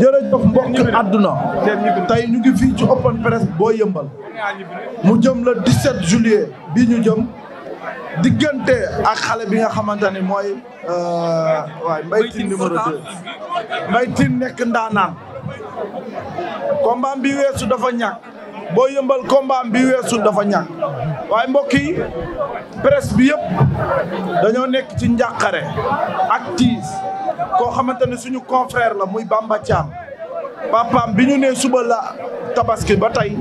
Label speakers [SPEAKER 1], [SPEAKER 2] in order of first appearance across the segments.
[SPEAKER 1] jërëjëf mbokk àdduna tey ñu ngi fii ci open press boo yëmbal mu jëm le 17 juillet bi ñu jëm diggante ak xale bi nga xamante ne mooy euh, waaye Mbaye Tine numéro 2 Mbaye Tine nekk ndaanaan combat bi weesu dafa ñàkk boo yëmbal combat bi weesu dafa ñàkk waaye mbokk yi presse bi yëpp dañoo nekk ci njàqare ak tiis koo xamante ne suñu confrère la muy Bamba Thiam papaam bi ñu nee suba la tabaski ba tey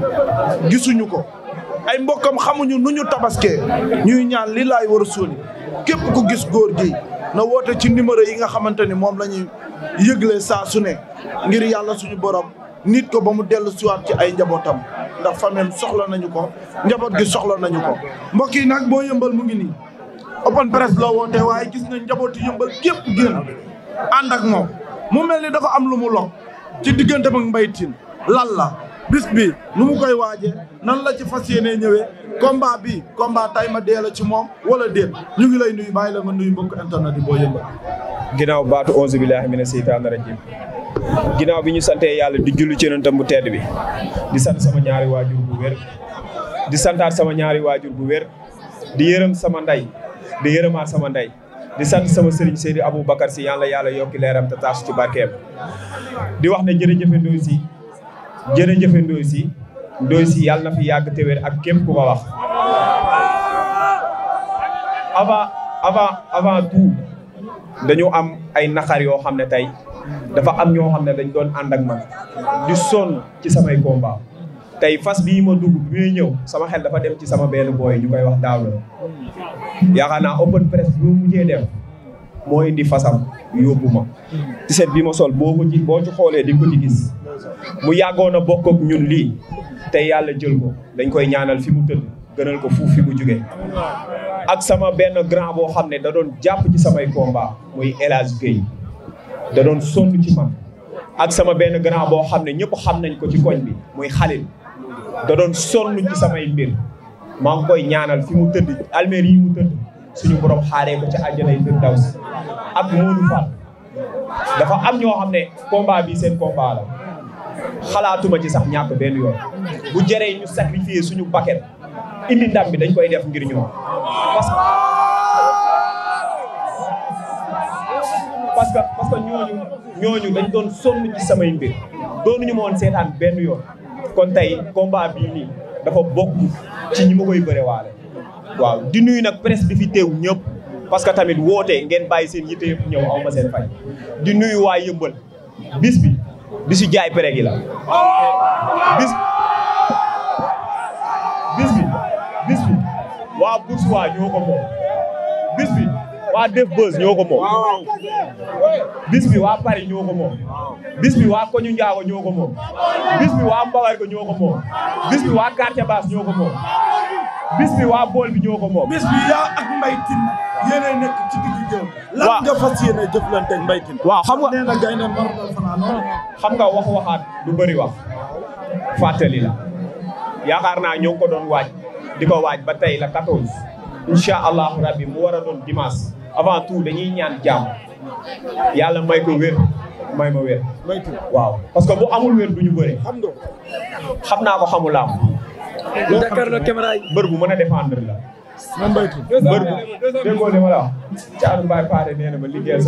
[SPEAKER 1] gisuñu ko ay mbokkam xamuñu nu ñu tabaskee ñuy ñaan li laay war a képp ku gis góor gi na woote ci numéro yi nga xamante ni moom la ñuy yëgle saa su ne ngir yàlla suñu borom nit ko ba mu dellu siwaat ci ay njabootam ndax famille soxla nañu ko njaboot gi soxla nañu ko mbokk yi nag boo yëmbal mu ngi nii open press la woote waaye gis nañ njabooti yëmbal gépp génn ànd ak moom mu mel ni dafa am lu mu lokk ci diggante ak Mbaye Tine lan la bis bi nu mu koy waajee nan la ci fas yéenee ñëwee combat bi combat tay ma dee la ci moom wala déet ñu ngi lay nuyu bàyyi la nga nuyu mbokk internet yi boo yëmbal
[SPEAKER 2] ginnaaw baatu onze billahi mina seytaana rajim ginnaaw bi ñu santee yàlla di julli ci yonentam bu tedd bi di sant sama ñaari waajur bu wér di santaat sama ñaari waajur bu wér di yërëm sama ndey di yërëmaat sama ndey di sant sama sëriñ Seydi Abou Bakar si yàlla yàlla yokki leeram te taasu ci barkeem di wax ne jërëjëfe Ndoye Sy jërëjëfe Ndoye Sy Ndoye Sy yàlla na fi yàgg te wér ak képp ku ko wax avant avant avant tout dañu am ay naqar yoo xam ne tey dafa am ñoo xam ne dañ doon ànd ak man di soon ci samay combat tey fas bi bii ma dugg bi muy ñëw sama xel dafa dem ci sama benn booy ñu koy wax daaw yaakaar naa open press bi mu mujjee dem moo indi fasam yóbbu ma tiset bi ma sol boo ko ci boo ci xoolee di ko ci gis mu yàggoon a bokk ak ñun lii tey yàlla jël ko dañ koy ñaanal fi mu tëdd gënal ko fuuf fi mu jugee ak sama benn grand boo xam ne da doon jàpp ci samay combat mooy élage Hadj dadoon doon ci man ak sama benn grand boo xam ne ñëpp xam nañ ko ci koñ bi muy xalil da doon sonn ci samay mbir maa ngi koy ñaanal fi mu tëdd almeer yi mu tëdd suñu borom xaaree ko ci àjjanay firdaws ak Modou Fall dafa am ñoo xam ne combat bi seen combat la xalaatuma ci sax ñàkk benn yoon bu jëree ñu sacrifier suñu paket indi ndam bi dañ koy def ngir ñoom parce que ñooñu dañ doon sonn ci samay mbir doonuñu ma woon seetaan benn yoon kon tey combat bii nii dafa bokk ci ñi ma koy bëre waale waaw di nuyu nag presse bi fi teew ñëpp parce que tamit woote ngeen bàyyi seen yitte yëpp ñëw aw ma seen fay di nuyu waa yëmbal bis bi bisu jaay pere gi la bis bis bi bi waa Boursois ñoo moom bis bi waa Def Buzz ñoo ko moom. bis bi waa Paris ñoo ko moom. bis bi waa Koñu Njaago ñoo ko moom. bis bi waa Mbawar ko ñoo ko moom. bis bi waa Quartier Basse
[SPEAKER 1] ñoo ko moom. bis bi waa bool bi ñoo ko moom. bis bi yaa ak Mbaye Tine yéenay nekk ci digg jëm. lan nga fas yéene jëflante ak Mbaye Tine. waaw xam nga nee na gaynde mar
[SPEAKER 2] na wax waxaat du bëri wax fàttali la yaakaar naa ñoo ko doon waaj di ko waaj ba tey la 14 incha allahu rabbi mu war a doon dimanche. avant tout dañuy ñaan jàmm yàlla may ko wér may ma wér. waaw parce que bu amul wér du ñu bëri. xam nga xam naa ko xamul laa am. Dakar la bu mën a défendre la. man béytu mbër bu déggoo li ma la wax. Thiatou Mbaye Pathé na ma liggéeyal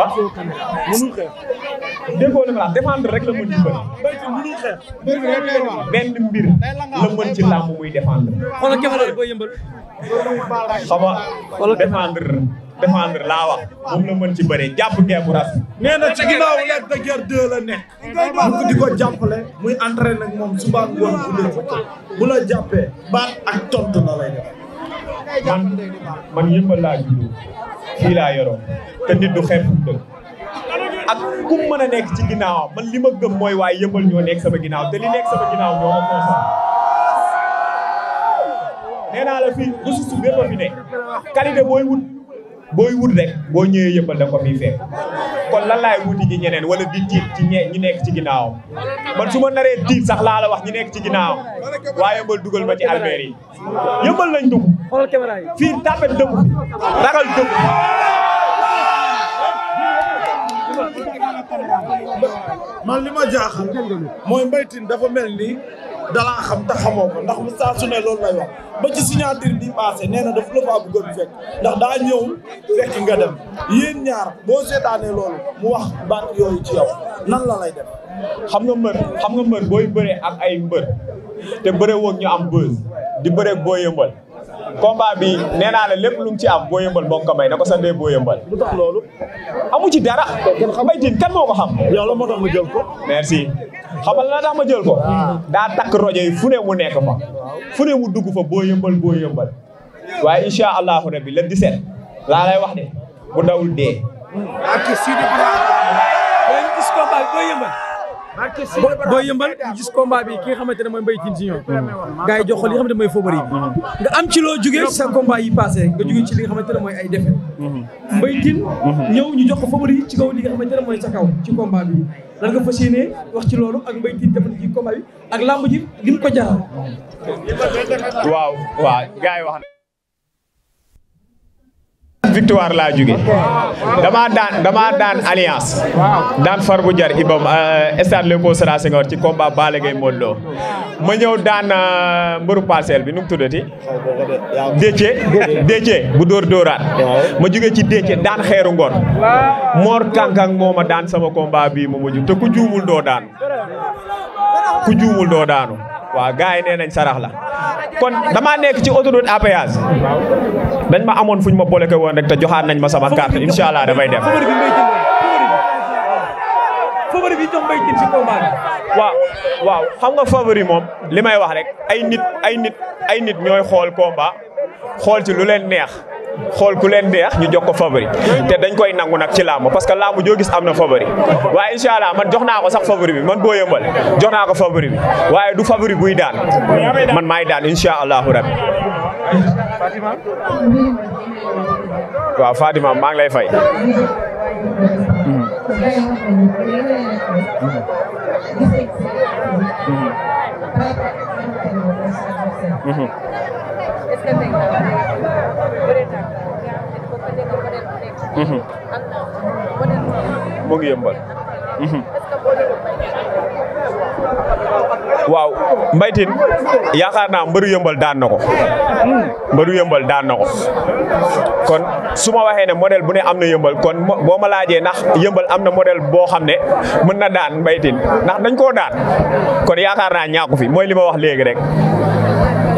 [SPEAKER 1] ah déggoo li ma la défendre rek ci bëri. benn mbir la mën ci làmb
[SPEAKER 2] muy défendre. xoolal kéemaan laa wax moom la mën ci bëri jàpp geebu ras. nee na ci ginnaaw
[SPEAKER 1] Lac de Guiers 2 la nekk. bu di ko muy entraîné nag moom suba ngoon bu dee bu la jàppee baat ak la lay man
[SPEAKER 2] man yëmbal laa juddoo fii laa yoroo te du xeeb fu ak ku mën a nekk ci ginnaawam man li ma gëm mooy waaye yëmbal ñoo nekk sama ginnaaw te li nekk sama ginnaaw ñoo ma moom sax nee booy wut booy wut rek boo ñëwee yëmbal la ko kon lan laay wuti ji ñeneen wala di tiit ci ñi nekk ci ginnaawam man su ma naree tiit sax laa la wax ñi nekk ci ginnaawam waa yëmbal dugal ma ci almeer yi yëmbal lañ fii tapet dëkk
[SPEAKER 1] ragal dëkk man li ma jaaxal mooy Mbaye Tine dafa mel ni dalaa xam te xamoo ko ndax mu saa su ne loolu lay wax ba ci signature bi passé nee na daf la faa bëggoon fekk ndax daa ñëwul fekk nga dem yéen ñaar boo seetaanee loolu mu wax baat yooyu ci yow nan la lay def xam nga mbër xam nga mbër booy bëree ak ay mbër
[SPEAKER 2] te bëre woog ñu am bës di bëree boo yëmbal combat bi nee naa la lépp lu mu ci am boo yëmbal moo ko may na ko santee boo yëmbal. lu tax loolu. amu ci dara. Mbaye Tine kan moo la moo tax ma jël ko. merci xamal la tax ma jël ko. daa takk rojo yi fu ne mu nekk fa. fu ne mu dugg fa boo yëmbal boo yëmbal. waaye incha allahu rabbi le 17 laa wax de bu dawul booy yëmbal gis combat bi ki nga xamante ne mooy Mbaye Tine Junior gars yi jox nga xamante ne mooy favori nga am ci loo jógee ci sa combat yi nga jógee ci li nga xamante ne mooy ay ci kaw li nga xamante wax ci loolu ak Mbaye Tine jamono ji combat bi ak lamb ji lim ko victoire laa jóge damaa daan damaa daan alliance daan far bu jar ibam euh, stade Léopold Sédar Senghor ci combat Balla Gaye Modou ma ñëw daan euh, mbëru parcelle bi nu mu tuddati décce décce bu dóor dóoraat ma jóge ci décce daan xeeru ngor moor kànkang moo ma daan sama combat bii mu mujj te ku juumul doo daanu ku juumul doo daanu waaw gars yi nee nañ sarax la kon damaa nekk ci autoroute à péage dañ ma amoon fuñ ma bloqué woon rek te joxaat nañ ma sama carte incha allah damay def. favori bi jox Mbaye Tine waaw xam nga favori moom li may wax rek ay nit ay nit ay nit ñooy xool combat xool ci lu leen neex. xool ku leen ñu jox ko favori te dañ koy nangu nag ci làmb parce que làmb joo gis am na favori waaye incha allah man jox naa ko sax favori man boo yëmbal jox naa ko favori waaye du fabari buy daan man maay daan incha allahu rabbi maa ngi lay fay. mu mm-hmm. ngi yëmbal. Mm-hmm. waaw Mbaye Tine yaakaar naa mbëru yëmbal daan na ko
[SPEAKER 1] mm.
[SPEAKER 2] mbëru yëmbal daan na kon su ma waxee ne modèle bu ne am na yëmbal kon boo ma laajee ndax yëmbal am na modèle boo xam ne mën na daan Mbaye Tine ndax dañ koo daan kon yaakaar naa ñaaku fi mooy li ma wax léegi rek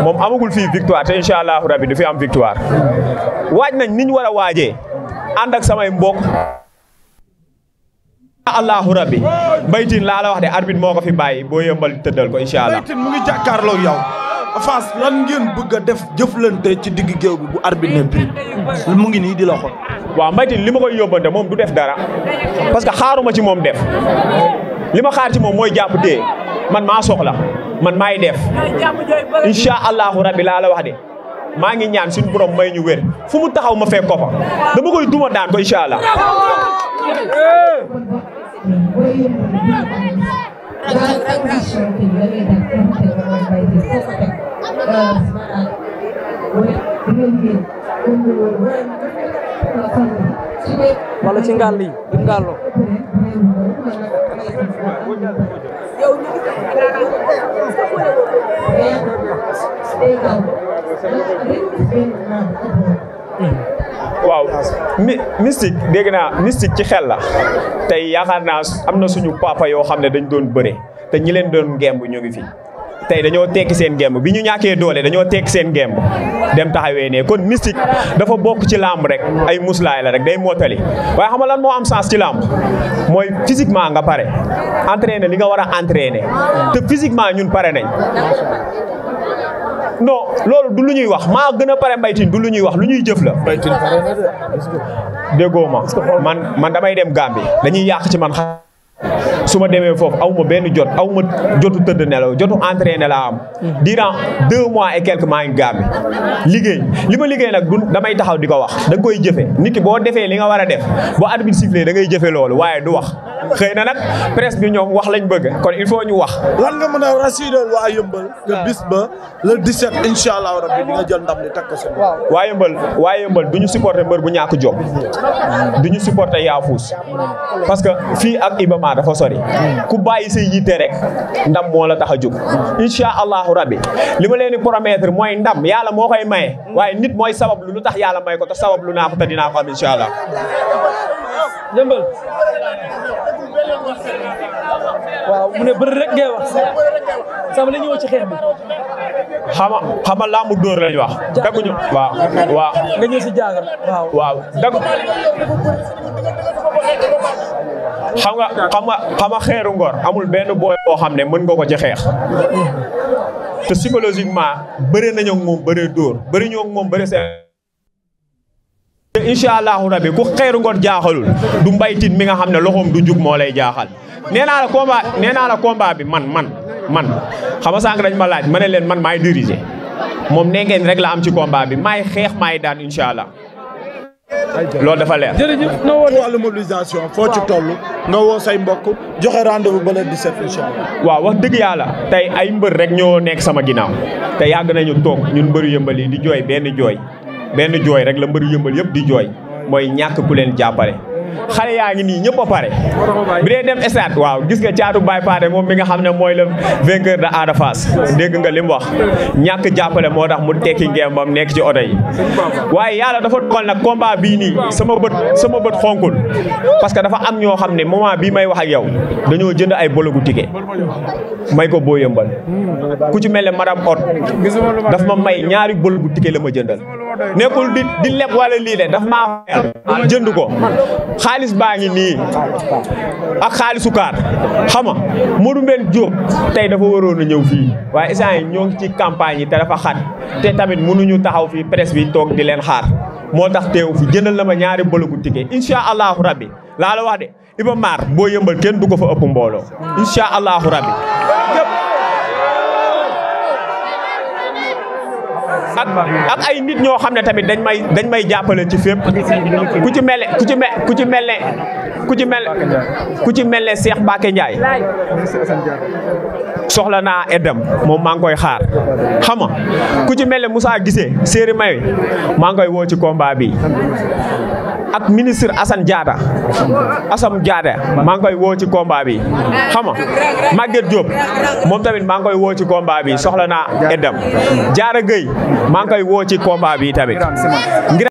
[SPEAKER 2] moom amagul fii victoire te incha allahu rabi du fi am victoire waaj nañ niñ war a ànd ak samay mbokk allahu rabbi baytin laa la wax de arbit moo ko fi bàyyi boo yëmbal tëddal ko incha allah
[SPEAKER 1] mu ngi jàkkaarloo
[SPEAKER 2] yow Fass lan ngeen bëgg a def jëflante ci digg géew bi bu arbitre ne mu ngi nii di la xool waaw mbaytin li ma koy yóbbante moom du def dara parce que xaaruma ci moom def li ma xaar ci moom mooy jàpp dee man maa soxla man maay def incha allahu rabbi laa wax de maa ngi ñaan suñu borom may ñu wér fu mu taxaw ma fekk ko fa dama koy duma daan ko incha allah. waaw mi mystique dégg naa mystique ci xel la tey yaakaar naa am na suñu papa yoo xam ne dañ doon bëre te ñi leen doon ngemb ñu ngi fi tey dañoo tekki seen gemb bi ñu ñàkkee doole dañoo tekki seen ngemb dem taxawee ne kon mystique dafa bokk ci làmb rek ay muslaay la rek day mottali waaye xam lan moo am sens ci làmb mooy physiquement nga pare entraîné li nga war a entraîné te physiquement ñun pare nañ non loolu du lu ñuy wax maa gën a pare mbaytin du lu ñuy wax lu ñuy jëf la. mbaytin déggoo ma man man damay dem Gambie dañuy yàq ci man xam su ma demee foofu aw ma benn jot aw ma jotu tëdd nelaw jotu entraîné laa am. durant deux mois et quelques maa ngi gàmbi liggéey li ma liggéey nag du damay taxaw di ko wax da nga koy jëfe nit ki boo defee li nga war a def boo arbitre sifflé da ngay jëfe loolu waaye du wax. xëy na nag presse bi ñoom wax lañ bëgg kon il faut ñu wax. lan nga mën a rassuré waa yëmbal. que bis ba le 17 incha allah rabbi di nga jël ndam li takk ko waa yëmbal waa yëmbal du ñu supporter mbër bu ñaak jom du ñu supporter yaafuus parce que fii ak Ibama vraiment dafa sori ku bàyyi sa yitte rek ndam moo la tax a jóg incha allahu rabbi li ma leen di mooy ndam yàlla moo koy maye waaye nit mooy sabab lu lu tax yàlla may ko sabab lu naa ko te dinaa ko allah jëmbal
[SPEAKER 1] waaw mu ne bëri rek ngay wax sama la ñëw ci xeex bi
[SPEAKER 2] xama laamu dóor wax daguñu waaw waaw waaw waaw dag xam nga xam nga xam xeeru ngor amul benn booy boo xam ne mën nga ko ci xeex te psychologiquement bëri nañu ak moom bëri dóor bëri ñoo ak moom bëri seen te incha allahu rabi ku xeeru ngor jaaxalul du mbay mbaytin mi nga xam ne loxoom du jug moo lay jaaxal nee naa la combat nee naa la combat bi man man man xam nga sànq dañ ma laaj ma ne leen man maay diriger moom ne ngeen rek la am ci combat bi maay xeex maay daan incha allah loolu dafa leer. jërëjëf
[SPEAKER 1] na woo wàllu mobilisation foo ci toll. nga woo say mbokk joxe rendez-vous ba le 17 incha allah. waaw wax dëgg yàlla
[SPEAKER 2] tey ay mbër rek ñoo nekk sama ginnaaw te yàgg nañu toog ñun mbëru yëmbal yi di jooy benn jooy benn jooy rek la mbëru yëmbal yëpp di jooy mooy ñàkk ku leen jàppale. xale yaa ngi nii ñëpp a pare bi dee dem stade waaw gis nga caatu baay Paate moom mi nga xam ne mooy la vainqueur da Ada fas dégg nga li mu wax ñàkk jàppale moo tax mu tekki ngeem bam nekk ci oto yi waaye yàlla dafa dogal nag combat bii nii sama bët sama bët xonkul parce que dafa am ñoo xam ne moment bii may wax ak yow dañoo jënd ay bologu ticket may ko boo yëmbal ku ci mel ne madame Ott daf ma may ñaari bologu ticket la ma jëndal nekkul di di leb wala lii de daf maa jënd ko xaalis baa ngi nii ak xaalisu kaar xam nga Modou Mbène tey dafa waroon a ñëw fii waaye instant yi ñoo ngi ci campagne yi te dafa xat te tamit mënuñu taxaw fii presse bi toog di leen xaar moo tax teew fi jëndal na ma ñaari bologu ticket incha allahu rabbi laa la wax de Iba Mar boo yëmbal kenn du ko fa ëpp mbooloo incha allahu rabbi ak ak ay nit ñoo xam ne tamit dañ may dañ may jàppale ci fépp ku ci mel ku ci mel ku ci mel ne ku ci mel ci mel ne Cheikh Mbacké Ndiaye soxla naa eddam moom maa ngi koy xaar xam nga ku ci mel ne Moussa Guissé séeri may maa ngi koy woo ci combat bi ak ministre Assane Diatta Assane Diatta maa ngi koy woo ci combat bi xam nga Maguette moom tamit maa ngi koy woo ci combat bi soxla naa eddam Diarra Gueye maa ngi koy woo ci combat bi tamit